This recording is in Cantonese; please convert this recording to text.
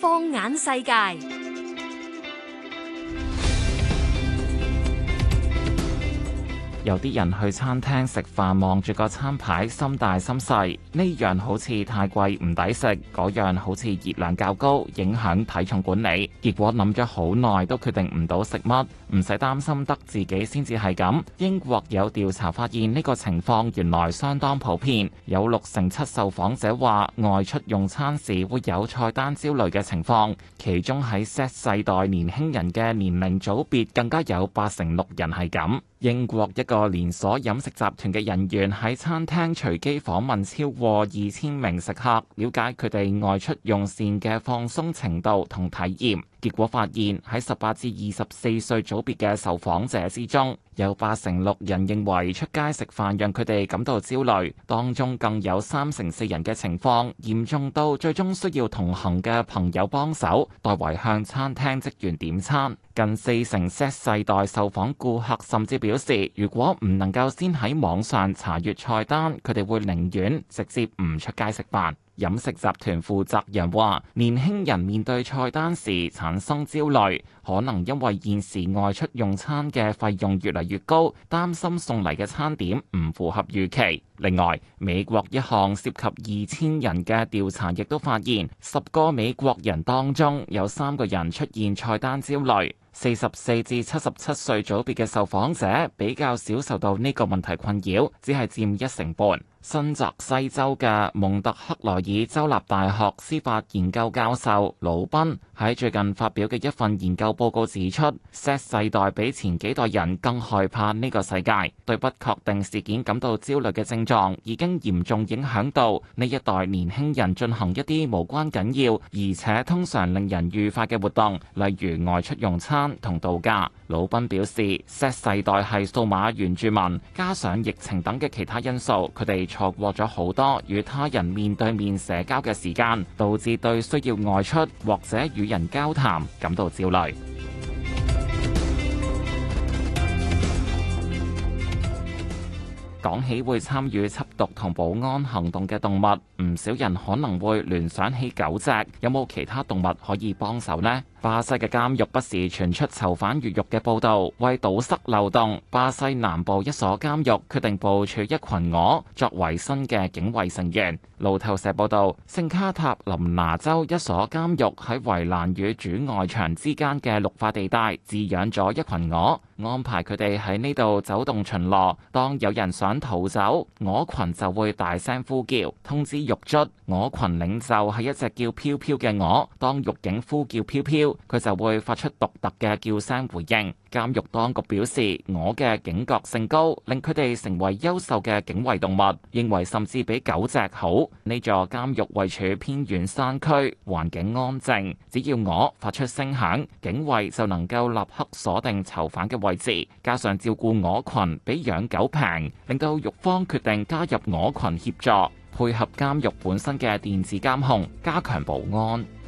放眼世界。有啲人去餐廳食飯，望住個餐牌，心大心細。呢樣好似太貴唔抵食，嗰樣好似熱量較高，影響體重管理。結果諗咗好耐都決定唔到食乜，唔使擔心得自己先至係咁。英國有調查發現呢個情況原來相當普遍，有六成七受訪者話外出用餐時會有菜單焦慮嘅情況，其中喺 Z 世代年輕人嘅年齡組別更加有八成六人係咁。英國一個連鎖飲食集團嘅人員喺餐廳隨機訪問超過二千名食客，了解佢哋外出用膳嘅放鬆程度同體驗。結果發現，喺十八至二十四歲組別嘅受訪者之中，有八成六人認為出街食飯讓佢哋感到焦慮，當中更有三成四人嘅情況嚴重到最終需要同行嘅朋友幫手代為向餐廳職員點餐。近四成 Z 世代受訪顧客甚至表示，如果唔能夠先喺網上查閱菜單，佢哋會寧願直接唔出街食飯。飲食集團負責人話：年輕人面對菜單時產生焦慮，可能因為現時外出用餐嘅費用越嚟越高，擔心送嚟嘅餐點唔符合預期。另外，美國一項涉及二千人嘅調查亦都發現，十個美國人當中有三個人出現菜單焦慮。四十四至七十七歲組別嘅受訪者比較少受到呢個問題困擾，只係佔一成半。新澤西州嘅蒙特克萊爾州立大學司法研究教授魯賓喺最近發表嘅一份研究報告指出 Z 世代比前幾代人更害怕呢個世界，對不確定事件感到焦慮嘅症狀已經嚴重影響到呢一代年輕人進行一啲無關緊要而且通常令人愉快嘅活動，例如外出用餐同度假。魯賓表示 Z 世代係數碼原住民，加上疫情等嘅其他因素，佢哋錯過咗好多與他人面對面社交嘅時間，導致對需要外出或者與人交談感到焦慮。講起會參與七。毒同保安行動嘅動物，唔少人可能會聯想起狗隻。有冇其他動物可以幫手呢？巴西嘅監獄不時傳出囚犯越獄嘅報道，為堵塞漏洞，巴西南部一所監獄決定部署一群鵝作為新嘅警衛成員。路透社報道，聖卡塔林拿州一所監獄喺圍欄與主外牆之間嘅綠化地帶飼養咗一群鵝，安排佢哋喺呢度走動巡邏，當有人想逃走，鵝羣就會大聲呼叫，通知獄卒，鵝群領袖係一隻叫飄飄嘅鵝。當獄警呼叫飄飄，佢就會發出獨特嘅叫聲回應。監獄當局表示，鵝嘅警覺性高，令佢哋成為優秀嘅警衛動物，認為甚至比狗隻好。呢座監獄位處偏遠山區，環境安靜，只要鵝發出聲響，警衛就能夠立刻鎖定囚犯嘅位置。加上照顧鵝群比養狗平，令到獄方決定加入鵝群協助，配合監獄本身嘅電子監控，加強保安。